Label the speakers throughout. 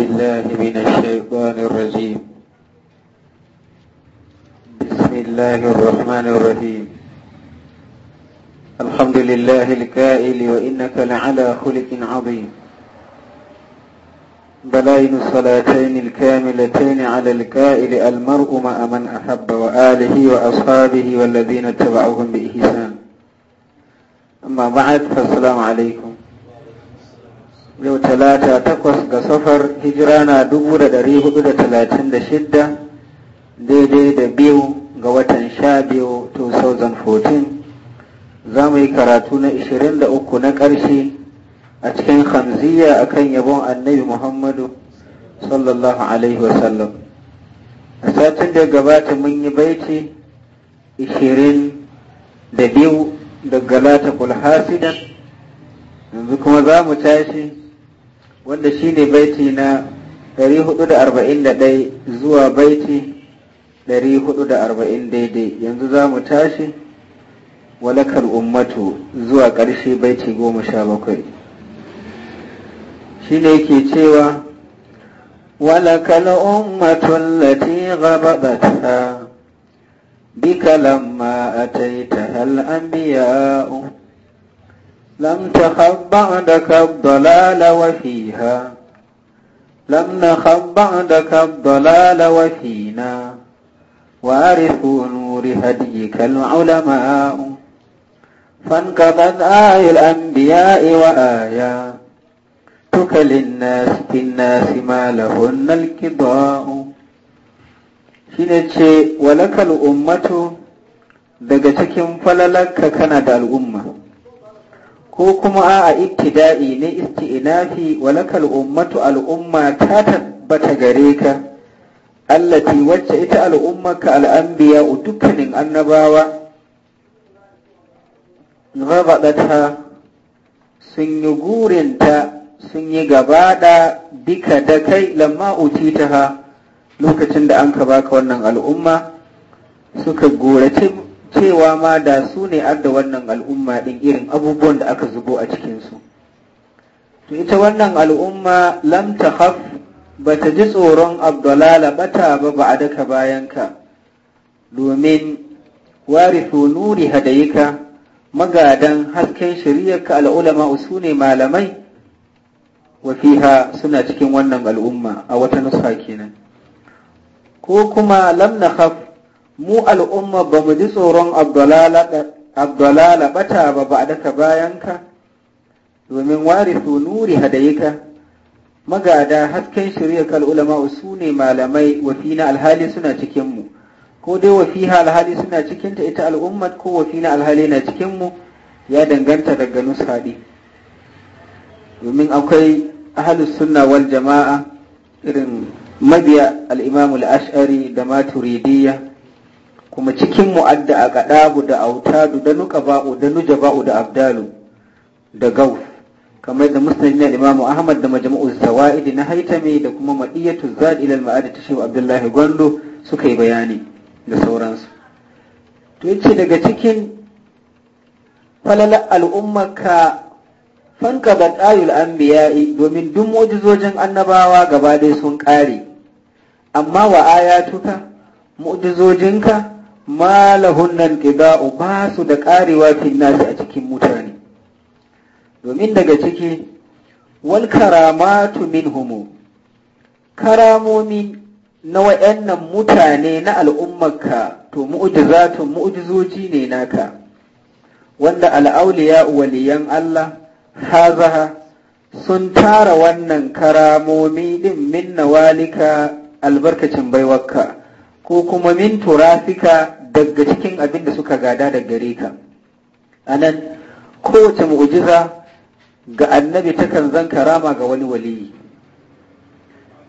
Speaker 1: بالله من الشيطان الرجيم بسم الله الرحمن الرحيم الحمد لله الكائل وإنك لعلى خلق عظيم بلاين الصلاتين الكاملتين على الكائل المرء مع من أحب وآله وأصحابه والذين اتبعوهم بإحسان أما بعد فالسلام عليكم yau talata takwas ga safar hijira na dubu da dari hudu da talatin da shidda daidai da biyu ga watan sha biyu 2014 za mu yi karatu na 23 na ƙarshe a cikin hamziya kan yabon annabi muhammadu sallallahu alaihi wasallam a satin da gabata mun yi baiti 22 daga lata kulhasidan yanzu kuma za mu tashi wanda shi ne baiti na 441 zuwa baiti 440 daidai yanzu za mu tashi walakar ummatu zuwa ƙarshe baiti 17 shi ne ke cewa walakar ummatun lati ghababatha bika lamma ataita al anbiya'u لم تخب بعدك الضلال وفيها لم نخب بعدك الضلال وفينا وارثوا نور هديك العلماء فانقضت آي الأنبياء وآيا وآياتك للناس في الناس ما لهن الكباء شنو ولك الأمة daga cikin falalarka kana da ko kuma a ibtida'i ne isti'nafi walakal ummatu al'umma ta tabbata gare ka allati wacce ita al-anbiya dukkanin annabawa rabadata sun yi gurinta sun yi gabaɗa bika da kai lamma utitaha lokacin da an ka baka wannan al'umma suka gorace cewa ma da su ne adda wannan al'umma ɗin irin abubuwan da aka zubo a cikinsu to ita wannan al'umma lamta haf ba ta ji tsoron abdulala bata ba ba a daka bayanka domin warithu nuri hadayika magadan hasken shari'arka al'ulama su ne malamai Wafiha suna cikin wannan al'umma a wata nusa kenan ko kuma lam haf. mu al'umma ba mu ji tsoron abdulala bata ba ba daka ka, domin warisu nuri hadayika magada hasken shirya kal'ulama ulama su ne malamai wafi na alhali suna cikinmu ko dai wafiha alhali suna cikinta ita al'umma ko wafi na alhali na cikinmu ya danganta daga nushaɗi domin akwai ahalus sunna wal jama'a irin mabiya al'imamul ash'ari da maturidiyya kuma cikin mu'adda a gaɗabu da autadu da nukaba'u da nujaba'u da abdalu da gau kamar da musnad na imamu ahmad da majmu'u zawaid na haitami da kuma madiyatu zad ila al ta shehu abdullahi gondo suka yi bayani da sauransu to yace daga cikin falala al'ummaka fanka badayul anbiya'i domin duk mu'jizojin annabawa gaba dai sun kare amma wa tuka mu'jizojinka ma nan qida'u ba su da ƙarewa fil nasi a cikin mutane domin daga ciki wal karamatu homo. karamomi na wayannan mutane na al'ummarka to mu'jizatun mu'ujizoji ne naka wanda al'auliya waliyan Allah hazaha sun tara wannan karamomi din min nawalika albarkacin baiwarka ko kuma min turafika daga cikin abin da suka gada da gare ka anan kowace mu'ujiza ga annabi takan zan karama ga wani waliyi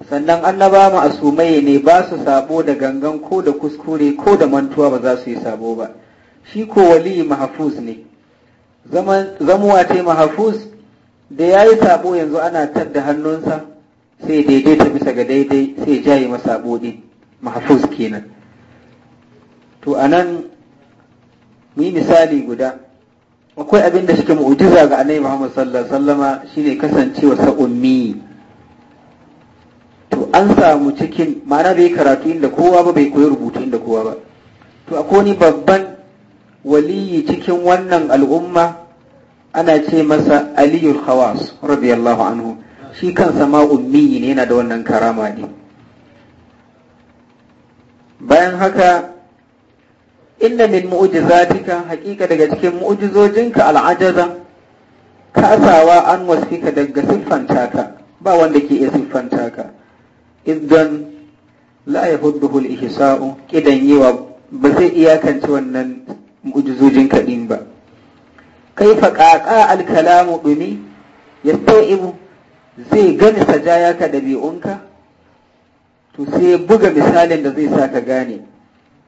Speaker 1: sannan annaba ma'asumai ne ba su sabo da gangan ko da kuskure ko da mantuwa ba za su yi sabo ba shi ko waliyi mahafuz ne zamuwa ce mahafuz da ya yi sabo yanzu ana tar da hannunsa sai daidaita bisa ga daidai sai jaye masabo din mahfuz kenan to anan mu yi misali guda akwai abin da shike mu'jiza ga annabi Muhammad sallallahu alaihi wasallama shine kasancewa sa ummi to an samu cikin ma'ana bai karatu inda kowa ba bai koyi rubutu inda kowa ba to akwai wani babban waliyi cikin wannan al'umma ana ce masa aliyul khawas radiyallahu anhu shi kansa ma ummi ne yana da wannan karama ne bayan haka inna min mu'jizatika haƙiƙa daga cikin mu'jizojinka al'ajaza kasawa an wasfika daga siffanta ka ba wanda ke iya siffanta ka idan la yahudduhu al-ihsa'u kidan yiwa ba zai iyakance wannan mu'jizojin kaɗin ba kaifa qaqa al-kalamu dumi yastaibu zai gani sajaya ka dabi'unka to sai buga misalin da zai sa ka gane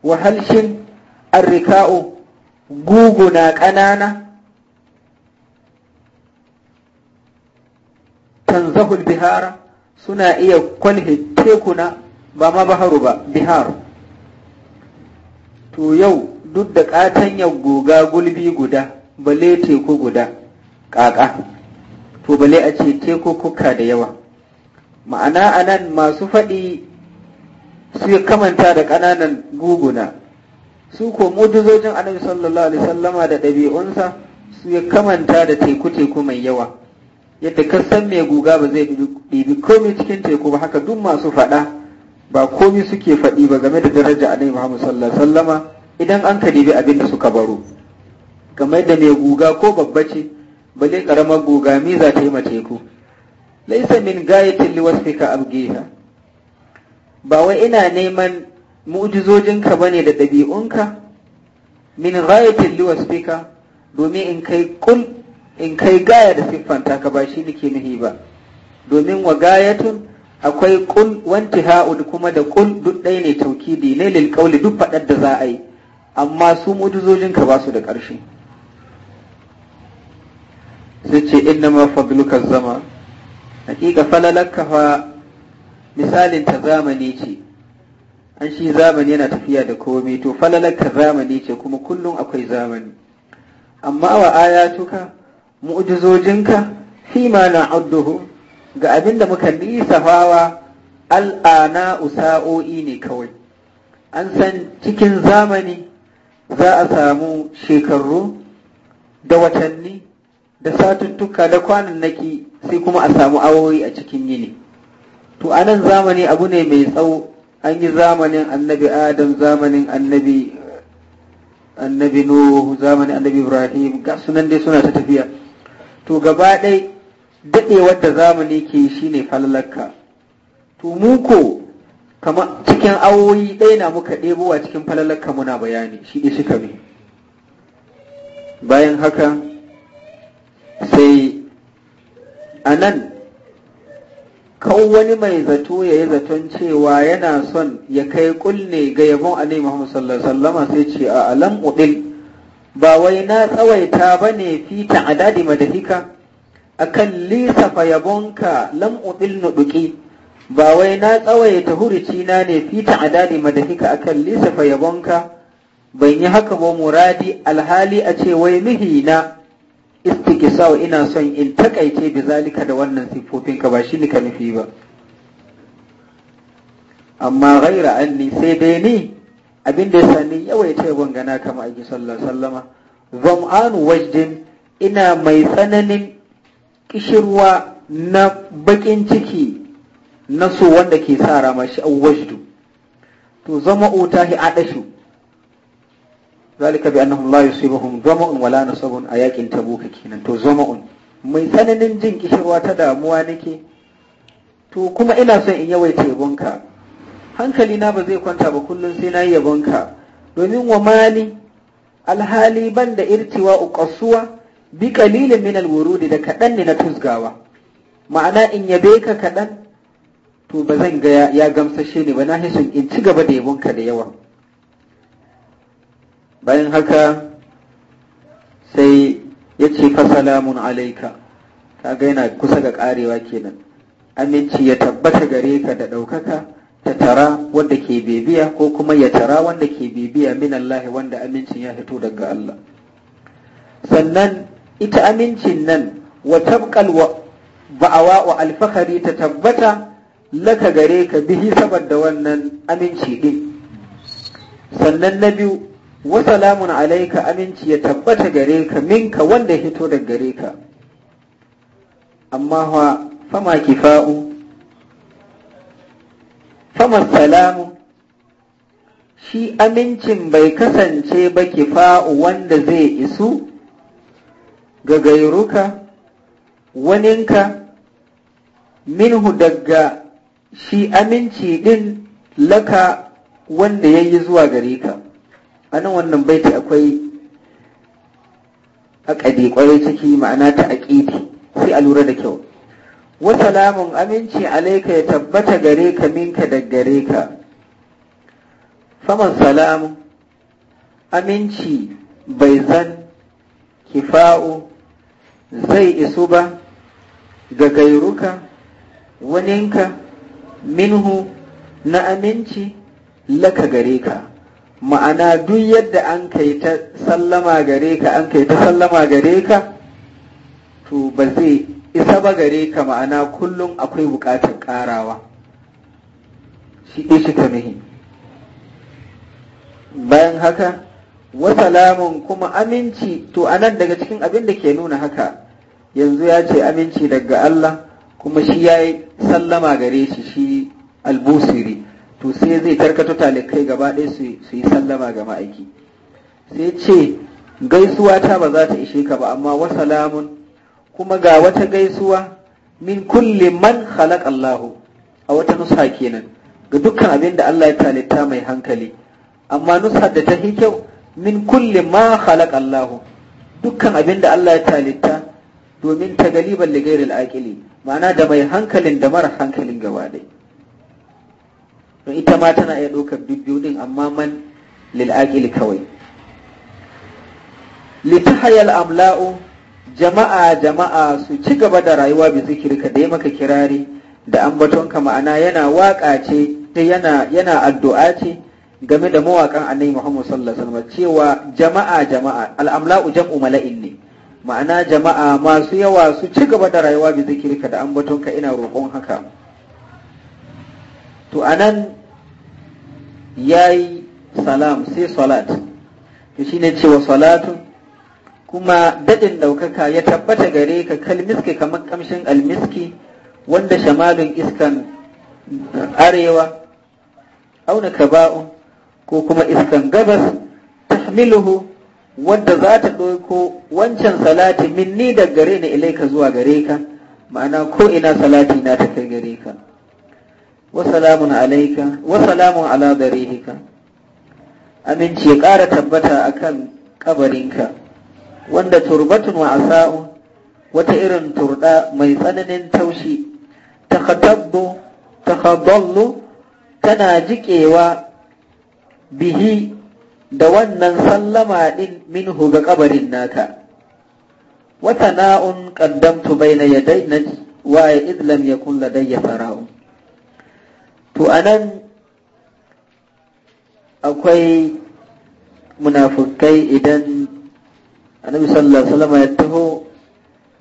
Speaker 1: wahalshin arrika'u guguna ƙanana zahul bihara suna iya kwalhe tekuna ba ma baharu ba bihar to yau duk da ƙatanyar goga gulbi guda bale teku guda ƙaƙa to bale a ce teku kuka da yawa ma'ana anan masu faɗi su ya kamanta da ƙananan guguna su ko mujizojin annabi sallallahu alaihi sallama da ɗabi'unsa su ya kamanta da teku-teku mai yawa yadda ka san mai guga ba zai ɗibi komai cikin teku ba haka duk masu faɗa ba komai suke faɗi ba game da daraja annabi muhammad sallallahu alaihi sallama idan an ka ɗibi abin da suka baro kamar da mai guga ko babba ce balle ƙaramar guga miza ta yi ma teku laisa min gayatin liwasfika abgeha ba wai ina neman mu'jizojinka bane da ɗabi'unka min liwa speaker domin in kai kul in kai gaya da siffanta ka ba shi nake nahi ba domin wa gayatun akwai kul wanti ha'ud kuma da kul duk ɗaya ne taukidi ne lil qawli duk faɗar da za a yi amma su mu'jizojinka ba su da ƙarshe sai ce inna ma zama hakika falalaka fa misalin ta zamani ce an shi zamani yana tafiya da komai to falalar zamani ce kuma kullum akwai zamani amma wa ayatuka mu'jizojinka fi ma adduhu ga abin da muka hawa al'ana usa'o'i ne kawai an san cikin zamani za a samu shekaru da watanni da satuttuka da kwanannaki sai kuma a samu awoyi a cikin yini to a nan zamani abu ne mai tsawo an yi zamanin annabi adam zamanin annabi annabi nuhu zamanin annabi ibrahim ga sunan dai suna ta tafiya to gaba ɗai daɗe da zamani ke shi ne falalaka to mu ko kama cikin awoyi ɗaya na muka a cikin falalaka muna bayani shi ne suka bi bayan haka sai a nan kawo wani mai zato ya yi zaton cewa yana son ya kai kulle ga yabon Ali muhammad sallallahu alaihi sai ce a alam udil ba wai na tsawaita ba ne fi ta'adadi madahika akan lisafa yabonka lam udil nuduki ba wai na tsawaita huruci na ne fi ta'adadi madahika akan lisafa yabonka ban yi haka ba muradi alhali a ce wai mihina istikisau ina son in takaice bi zalika da wannan siffofin ka ba shi ne ka nufi ba amma ghaira anni sai dai ni abin da yasa ni yawaita yawan gana kama aiki sallallahu alaihi wasallama zam'anu wajdin ina mai tsananin kishirwa na bakin ciki na so wanda ke sa rama shi wajdu to zama utahi adashu ذلك بأنهم لا يصيبهم ظمأ ولا نصب أياك تبوك كينان تو ظمأ mai tsananin jin kishirwa ta damuwa nake to kuma ina son in yawaita yabonka hankali na ba zai kwanta ba kullum sai na yi ya yabonka domin wa mali alhali ban da irtiwa ukasuwa, bi qalilin min alwurudi da kaɗan ne na tusgawa ma'ana in yabe ka kaɗan to ba zan ga ya gamsashe ne ba na hisun in ci gaba da ya yabonka da yawa bayan haka sai ya ce fasalamun alaika ka gaina kusa ga karewa kenan aminci ya tabbata gare ka da ɗaukaka ta tara wanda ke bibiya ko kuma ya tara wanda ke bibiya min Allah wanda amincin ya fito daga Allah sannan ita amincin nan wa tabqal wa ba'awa wa alfahari ta tabbata laka gare ka bihi saboda wannan aminci din sannan na biyu wa salamun alaika aminci ya tabbata gare ka minka wanda hito da gare ka amma fa fama kifa'u fama salamu shi amincin bai kasance ba kifa'u wanda zai isu ga gairuka waninka minhu daga shi aminci din laka wanda ya yi zuwa gare ka a nan wannan baiti akwai akadi kwarai ciki ma'ana ta aqidi sai a lura da kyau wa salamun aminci alaika ya tabbata gare ka minka da gare ka faman salamu aminci bai zan kifa'u zai isu ba ga gairuka waninka minhu na aminci laka gare ka ma'ana duk yadda an kai ta sallama gare ka an kai ta sallama gare ka to ba zai isa ba gare ka ma'ana kullum akwai bukatar ƙarawa shi ishi ta mihi bayan haka wasalamun kuma aminci to anan daga cikin abin da ke nuna haka yanzu ya ce aminci daga Allah kuma shi ya yi sallama gare shi shi albusiri to sai zai tarkata talibai gaba ɗaya su yi sallama ga ma'aiki sai ce gaisuwa ta ba za ta ishe ka ba amma wa salamun kuma ga wata gaisuwa min kulli man halak Allahu a wata nusa kenan ga dukkan abin da Allah ya talitta mai hankali amma nusa da ta kyau min kulle ma halak Allahu dukkan abin da Allah ya talitta domin ta galiban ligairil akili ma'ana da mai hankalin da mara hankalin gaba ɗaya don ita ma tana iya ɗaukar duk biyu ɗin amma man lil'aƙil kawai litahayal amla'u jama'a jama'a su ci gaba da rayuwa bi ka da maka kirari da ambatonka ma'ana yana waƙa ce ta yana addu'a ce game da mawaƙan annabi Muhammad sallallahu alaihi wasallam cewa jama'a jama'a al'amla'u jam'u mala'in ne ma'ana jama'a masu yawa su ci gaba da rayuwa bi ka da ambatonka ina roƙon haka to anan yayi salam sai salat to shine cewa salatun kuma daɗin ɗaukaka ya tabbata gare ka kalmiski kamar kamshin almiski wanda shamalin iskan arewa auna kaba'u ko kuma iskan gabas tahmiluhu wadda za ta ɗauko wancan salati min ni da gare ni ilaika zuwa gare ka ma'ana ko ina salati na ta kai gare ka wasalamun alaika wasalamun ala darihika aminci ya ƙara tabbata a kan ƙabarinka. wanda turbatun wa wata irin turɗa, mai tsananin taushi takatabbu takadallu tana jiƙewa bihi da wannan sallama ɗin minhu ga kabarin naka wata na'un ƙaddamtu bai na yadai na wa ya idlam kulla dai ya fara'u to a nan akwai munafukai idan annabi sallallahu alaihi wasallam ya taho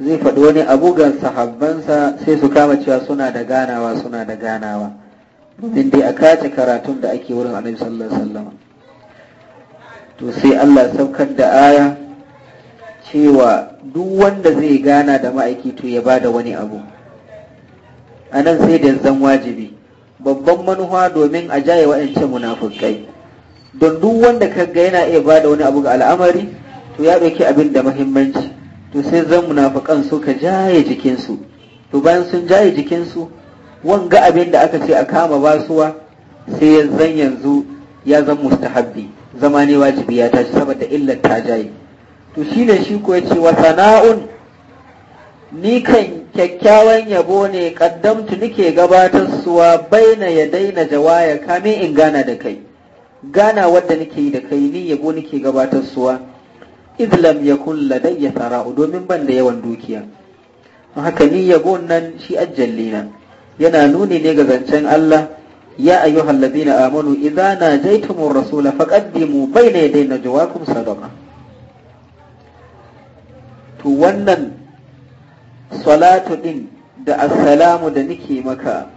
Speaker 1: zai faɗi wani abu ga sahabbansa sai su kama cewa suna da ganawa suna da ganawa domin dai a kace karatun da ake wurin annabi sallallahu alaihi wasallam to sai Allah saukar da aya cewa duk wanda zai gana da ma'aiki to ya bada wani abu anan sai da zan wajibi babban manuwa domin a jaye wa'ancan munafukai don duk wanda kaga yana iya ba da wani abu ga al'amari to ya ɗauki abin da mahimmanci to sai zan munafukan su ka jaye jikinsu to bayan sun jaye jikinsu wanga abin da aka ce a kama basuwa sai ya zan yanzu ya zan mustahabbi zama ne wajibi ya tashi saboda illar ta jaye to ne shi ko ya ce wa sana'un ni kan kyakkyawan yabo ne kaddamtu nike gabatar suwa baina ya daina jawaya kame in gana da kai gana wadda nike yi da kai ni yabo nike gabatar suwa izlam ya kulla dai ya sara'u domin ban da yawan dukiya haka ni yabo nan shi ajalli nan yana nuni ne ga zancen Allah ya ayyuhal ladina amanu idza najaytumur rasula faqaddimu baina yaday najwakum sadaqa to wannan salatu ɗin da assalamu da nike maka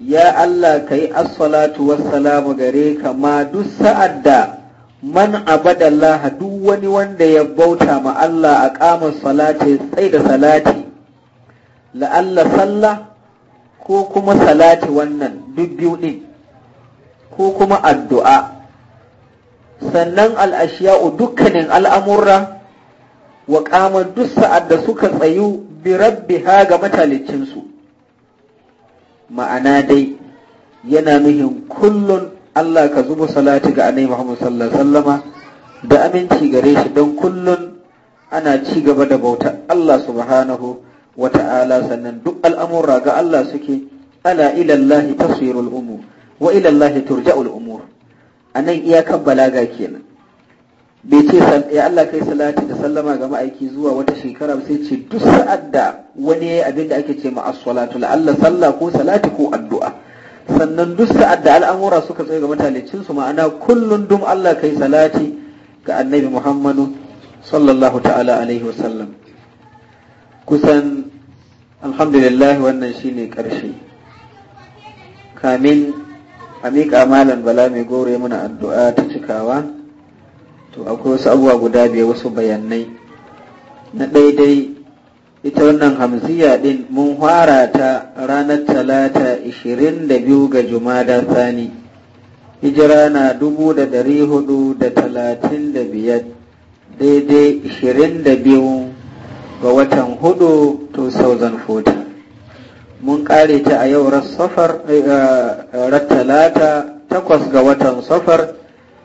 Speaker 1: ya Allah ka yi assalatu wassalamu gare ka ma duk sa'ad da man abadallaha duk wani wanda ya bauta ma Allah a kamar salati sai da salati la'alla sallah ko kuma salati wannan duk biyu ɗin ko kuma addu'a sannan al'ashiya'u dukkanin al'amurra wa kama duk sa'ad da suka tsayu bi rabbiha ga matalicinsu ma'ana dai yana nuhin kullun Allah ka zuba salati ga annabi Muhammad sallallahu alaihi wasallama da aminci gare shi don kullun ana ci gaba da bautar Allah subhanahu wata'ala sannan duk al'amura ga Allah suke ala ila Allah tasirul umur wa ila Allah turja'ul umur anan iyakan balaga kenan bai ce ya Allah kai salati da sallama ga ma'aiki zuwa wata shekara sai ce duk sa'ad da wani ya yayi abin da ake ce ma salatu la'alla sallah ko salati ko addu'a sannan duk sa'ad da al'amura suka tsaye ga matalicin su ma'ana kullum dum Allah kai salati ga annabi Muhammadu sallallahu ta'ala alaihi wa sallam kusan alhamdulillah wannan shine karshe kamin a miƙa malam bala mai gore mana addu'a ta cikawa to akwai wasu abubuwa guda biyar wasu bayanai na daidai ita wannan hamziya din mun fara ta ranar talata 22 ga jumada sani hijira na 435 daidai 22 ga watan 4 2014 mun kare ta a yau rat eh, eh, talata takwas ga watan safar 2014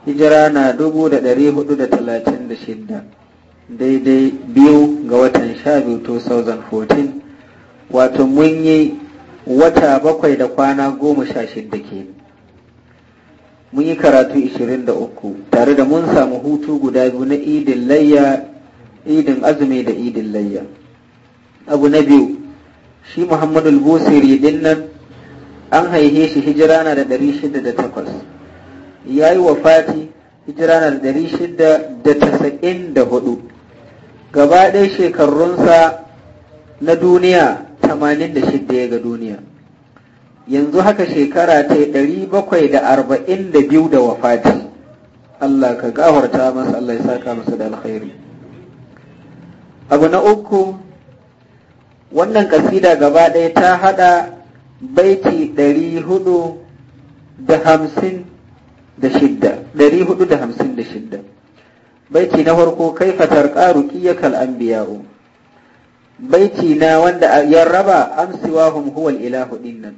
Speaker 1: hijira na dubu da dari hudu da talatin da shida, daidai biyu ga watan sha biyu 2014 wato mun yi wata bakwai da kwana goma sha shidda ke mun yi karatu 23 tare da mun samu hutu guda biyu na idin layya idin azumi da idin layya abu na biyu shi muhammadu al busiri dinnan an haihe shi hijira na da takwas. ya yi wafati hijira na ɗari shida da tasa'in da hudu gaba ɗaya shekarunsa na duniya tamanin da shida ya ga duniya yanzu haka shekara ta ɗari bakwai da arba'in da biyu da wafati Allah ka gawarta masa Allah ya saka masa da alkhairi abu na uku wannan kasida gaba ɗaya ta haɗa baiti ɗari hudu da hamsin da shidda ɗari hudu da hamsin da shidda baiti na farko kai fatar ƙaru kiyakal an biya'u baiti na wanda ya raba amsiwahum huwal ilahu dinnan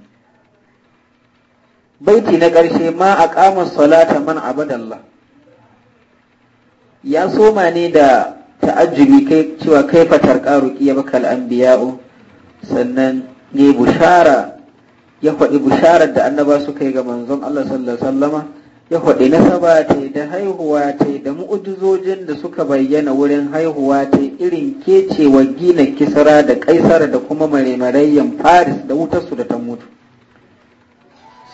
Speaker 1: baiti na ƙarshe ma a ƙamar salata man abadallah ya soma ne da ta'ajjubi kai cewa kai fatar ƙaru kiyakal an biya'u sannan ne bushara ya faɗi bushara da annaba su kai ga manzon Allah sallallahu alaihi wasallama ya faɗi nasaba ta da haihuwa ta da mu'ujizojin da suka bayyana wurin haihuwa ta irin kecewa gina kisara da kaisar da kuma maremarayyan faris da wutarsu da ta mutu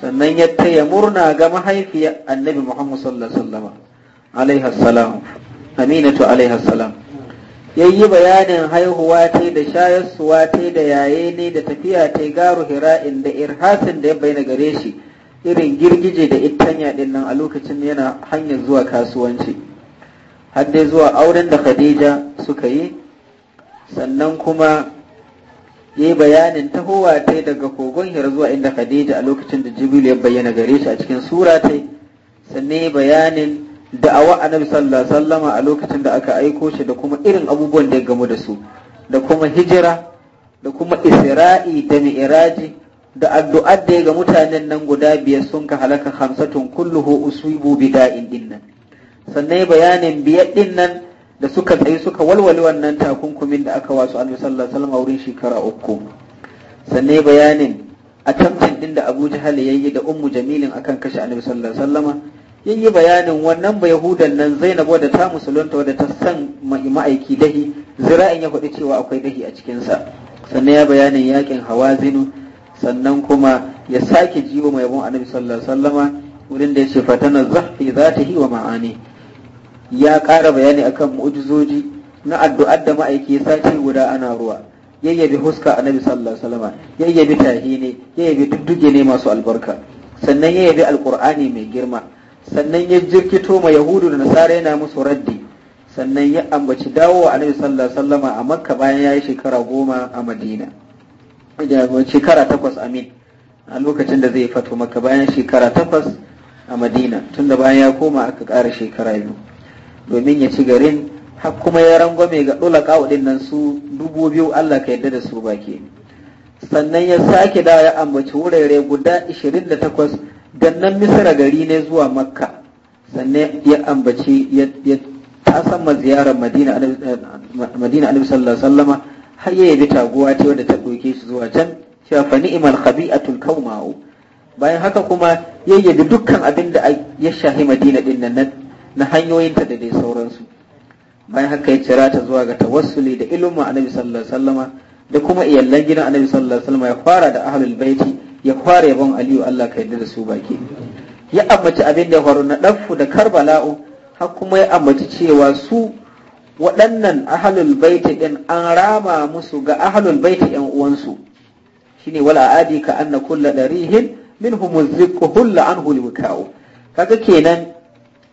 Speaker 1: sannan ya taya murna ga mahaifiyar annabi muhammad sallallahu alaihi wasallam aminatu alaihi wasallam ya yi bayanin haihuwa ta da suwa ta da yaye ne da tafiya ta garu hira'in da irhasin da ya bayyana gare shi irin girgije da ittanya din nan a lokacin yana hanyar zuwa kasuwanci har dai zuwa auren da khadija suka yi sannan kuma ya yi bayanin tahowa ta daga kogon hira zuwa inda khadija a lokacin da jibril ya bayyana gare shi a cikin sura ta sannan ya bayanin da'awa annabi sallallahu alaihi a lokacin da aka aiko shi da kuma irin abubuwan da ya gamu da su da kuma hijira da kuma isra'i da mi'raji da addu'ar da ga mutanen nan guda biyar sun ka halaka hamsatun kulluhu usibu bida'in dinnan sannan bayanin biyar dinnan da suka tsayi suka walwale wannan takunkumin da aka wasu annabi sallallahu alaihi wasallam wurin shekara uku sannan bayanin a tamtin din da Abu Jahal yayi da Ummu Jamilin akan kashe annabi sallallahu alaihi wasallam yayi bayanin wannan ba nan Zainab wadda ta musulunta wadda ta san ma'aiki dahi zira'in ya faɗi cewa akwai dahi a cikin sa sannan ya bayanin yakin hawazinu sannan kuma ya sake jiwo mai yabon annabi sallallahu alaihi wasallama wurin da ya ce fatana zahfi zatihi wa ma'ani ya ƙara bayani akan mu'jizoji na addu'ar da ma'aiki sati guda ana ruwa yayyabi huska annabi sallallahu alaihi wasallama yayyabi tahine yayyabi dudduge ne masu albarka sannan yayyabi alqur'ani mai girma sannan ya jirkito ma yahudu da nasara yana musu raddi sannan ya ambaci dawowa annabi sallallahu alaihi wasallama a makka bayan ya yi shekara goma a madina shekara takwas amin a lokacin da zai fato maka bayan shekara takwas a madina da bayan ya koma aka kara shekara biyu domin ya ci garin har kuma ya rangwame ga ɗola ƙa'udin nan su dubu biyu Allah ka yarda da su baki sannan ya sake da ya ambaci wurare guda 28 dan nan misira gari ne zuwa makka sannan ya ambaci ya tasamma ziyarar madina eh, alaihi sallallahu sallama har ya yabi taguwa ta wadda ta ɗauke shi zuwa can cewa fa ni'mal khabi'atul kauma'u bayan haka kuma ya yabi dukkan abin da ya shahi madina din nan na hanyoyinta da dai sauransu bayan haka ya cira ta zuwa ga tawassuli da ilimin annabi sallallahu alaihi da kuma iyallan gidan annabi sallallahu alaihi ya fara da ahlul ya fara yabon aliyu Allah ka yarda da su baki ya ambaci abin da ya faru na daffu da karbala'u har kuma ya ambaci cewa su waɗannan ahalul baiti ɗin an rama musu ga ahalul baiti ‘yan uwansu shine wala adi ka anna kulla darihin min ku hulla an hulwikawo kaga kenan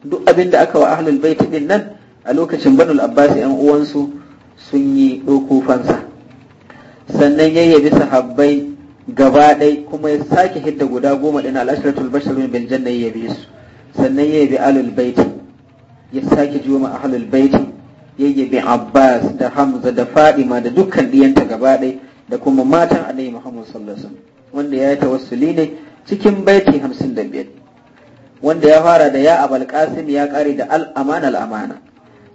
Speaker 1: duk abin da aka wa ahalul baiti ɗin nan a lokacin banul abbas ‘yan uwansu sun yi Sannan fansa sannan yayyabi sahabbai gaba ɗai kuma ya sake hidda guda goma ɗin al'ashiratul bin bil ya bi su sannan ya bi ahalul baiti ya sake juma ma ahalul baiti yayye bin Abbas da Hamza da Fadima da dukkan diyanta gaba ɗaya da kuma matan Annabi Muhammad sallallahu alaihi wasallam wanda ya yi tawassuli ne cikin baiti 55 wanda ya fara da ya Abul Qasim ya kare da al amana al amana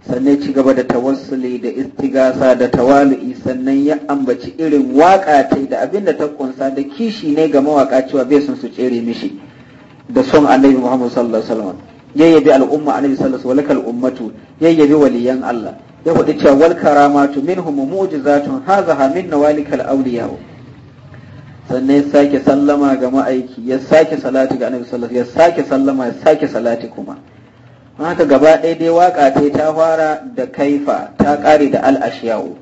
Speaker 1: sannan ci gaba da tawassuli da istigasa da tawalu'i sannan ya ambaci irin waka ta da abin da ta kunsa da kishi ne ga mawaka cewa bai son su tsere mishi da son Annabi Muhammad sallallahu alaihi wasallam yayyabi al'umma annabi sallallahu alaihi wasallam ummatu yayyabi waliyan Allah ya faɗi cewa wal karamatu minhum mu'jizatun hazaha min nawalikal awliya sannan ya sake sallama ga ma'aiki ya sake salati ga annabi sallallahu ya sake sallama ya sake salati kuma haka gaba ɗaya dai waka ta ta fara da kaifa ta ƙare da al'ashiyawo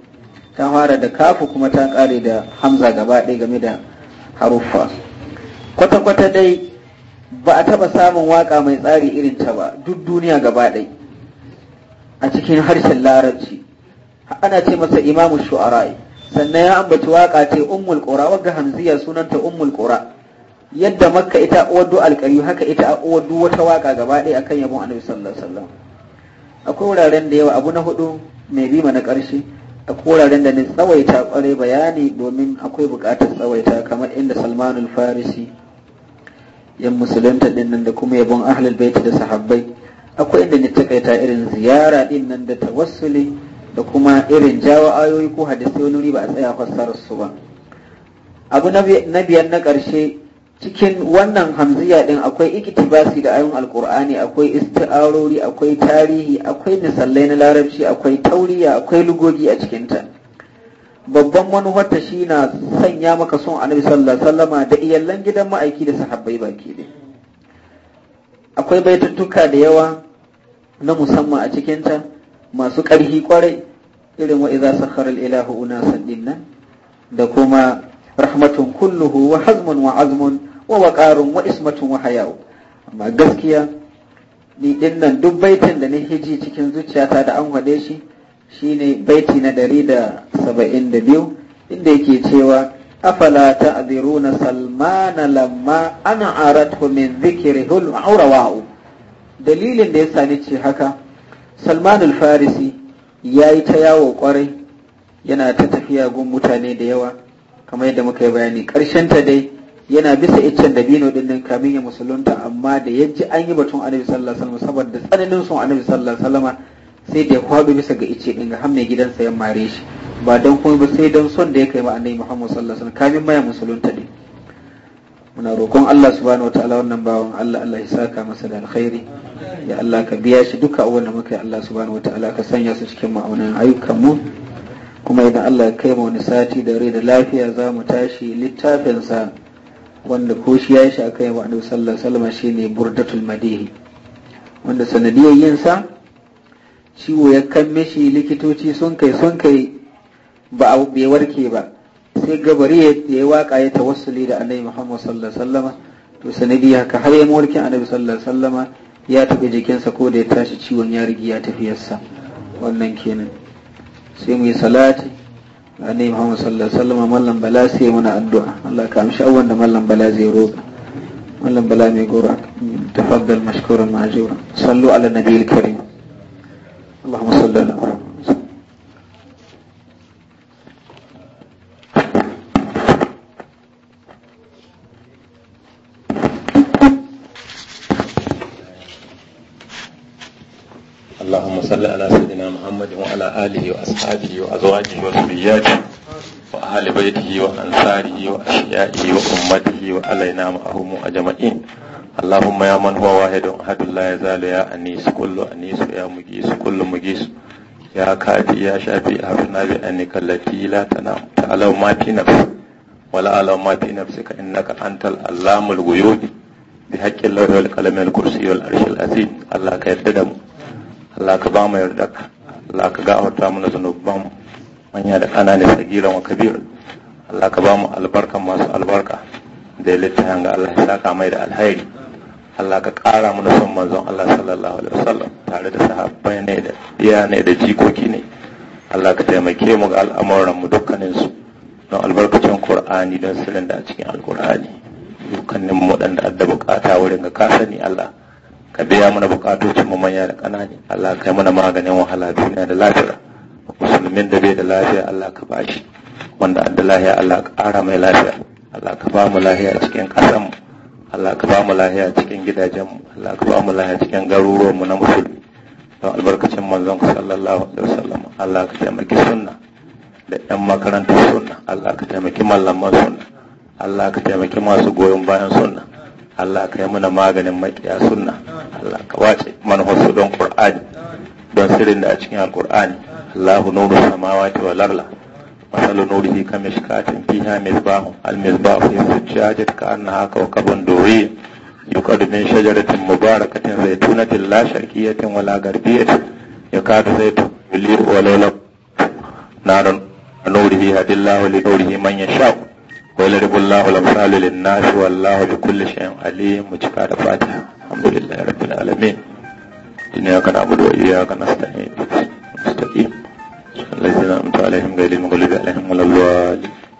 Speaker 1: ta fara da kafu kuma ta ƙare da hamza gaba ɗaya game da haruffa kwata-kwata dai ba a taba samun waka mai tsari irin ta ba duk duniya gaba ɗai a cikin harshen larabci ana ce masa imamu shu'ara'i sannan ya ambaci waka ce ummul qura wadda hamziya sunanta ummul qura yadda makka ita waddu alƙari haka ita waddu wata waka gaba ɗaya akan yabon annabi sallallahu alaihi wasallam akwai wuraren da yawa abu na hudu mai bima na ƙarshe akwai wuraren da ni tsawaita ƙwarai bayani domin akwai buƙatar tsawaita kamar inda salmanul farisi yan musulunta din nan da kuma yabon ahlul baiti da sahabbai akwai inda ni takaita irin ziyara din nan da tawassuli da kuma irin jawo ayoyi ko hadisi wani ba a tsaya fassarar su ba abu na biyan na ƙarshe cikin wannan hamziya din akwai iktibasi da ayon alkur'ani akwai isti'arori akwai tarihi akwai misallai na larabci akwai tauriya akwai lugogi a cikinta babban manufarta shi na sanya maka son annabi sallallahu alaihi wasallama da iyallan gidan ma'aiki da sahabbai baki ne akwai baitattuka da yawa na musamman a cikinta masu ƙarfi kwarai irin wa iza sakharal ilahu unasan dinnan da kuma rahmatun kulluhu wa hazmun wa azmun wa waqarun wa ismatun wa hayau amma gaskiya ni dinnan duk baitin da ni hiji cikin zuciyata da an wade shi shine baiti na dari da saba'in da biyu inda yake cewa afala Salma salmana lamma ana arathu min aura wa'u. dalilin da ya sani ce haka salmanul farisi ya yi ta yawo kwarai yana ta tafiya gun mutane da yawa kamar yadda muka yi bayani Karshen ta dai yana bisa iccen dabino din nan kamin ya musulunta amma da yaji an yi batun annabi sallallahu alaihi wasallam saboda tsananin son annabi sallallahu alaihi wasallam sai da ya kwado bisa ga ice ɗin ga hamme gidansa ya mare shi ba don kuma ba sai don son da ya kai ma Muhammad sallallahu alaihi wasallam kamin maya musulunta ne muna roƙon Allah subhanahu wataala wannan bawan Allah Allah ya saka masa da alkhairi ya Allah ka biya shi duka a da muka yi Allah subhanahu wataala ka sanya su cikin ma'aunin ayyukan kuma idan Allah ya kai ma wani sati da rai da lafiya za mu tashi littafinsa wanda ko shi ya yi shi a kai ma'anai sallallahu alaihi wasallam shine burdatul madihi wanda sanadiyar yin sa ciwo ya kamme shi likitoci sun kai sun kai ba a bai warke ba sai gabari ya yi waka ya tawassuli da annabi Muhammad sallallahu alaihi to sanadi haka har ya mawarkin annabi sallallahu alaihi ya taɓa jikinsa ko da ya tashi ciwon ya rigi ya tafiyarsa wannan kenan sai mu yi salati annabi Muhammad sallallahu alaihi mallam bala sai muna addu'a Allah ka amshi awwan da mallam bala zai roƙa mallam bala mai gora tafaddal mashkuran ma'jura sallu ala nabiyil karim
Speaker 2: ahiya'i wa ummatihi wa alaina ma'ahumu a jama'in allahumma ya man huwa wahai ya zale ya anisu kullum anisu ya mugisu kullum mugisu ya kafi ya shafi a hafi nabi a ne kallafi ta na ta alawar mafi na fi ina ka an tal alamul guyobi bi haƙƙin lauriyar kalamiyar kursiyar arshil azi Allah ka yadda da mu Allah ka ba yarda ka Allah ka ga a wata mana zunubban manya da ƙana ne sagira wa kabiru Allah ka ba mu albarkan masu albarka da ya littafin ga Allah ya saka mai da alhairi Allah ka kara mana son manzon Allah sallallahu alaihi wasallam tare da sahabbai ne da iya ne da jikoki ne Allah ka taimake mu ga al'amuran mu dukkanin su don albarkacin Qur'ani don sirrin da a cikin Al-Qur'ani dukkanin mu da adda bukata wurin ga ka Allah ka biya mana bukatocin mu manya da kanani Allah ka yi mana maganin wahala duniya da lafiya musulmin da bai da lafiya Allah ka bashi wanda Abdullahi lahiya Allah ƙara mai lafiya Allah ka ba mu lafiya cikin ƙasan mu Allah ka ba mu lafiya cikin gidajen mu Allah ka ba mu lafiya cikin garuruwan mu na musulmi don albarkacin manzon ku sallallahu alaihi wasallam Allah ka taimaki sunna da ɗan makarantar sunna Allah ka taimaki mallaman sunna Allah ka taimaki masu goyon bayan sunna Allah ka yi mana maganin maƙiya sunna Allah ka wace manhasu don Qur'ani don sirrin da a cikin Al-Qur'ani Allahu nuru samawati wal ardh مثل نوره كمشكات فيها مصباح المصباح في السجادة كأنها كوكب دوري يقعد من شجرة مباركة زيتونة لا شرقية ولا غربية يقعد زيت يليق ولو نار نوره هدي الله لنوره من يشاء ويضرب الله الأمثال للناس والله بكل شيء عليم وجكاد فاتحة الحمد لله رب العالمين إياك نعبد وإياك نستعين مستقيم الذين أنعمت عليهم غير المغلوب عليهم ولا الضالين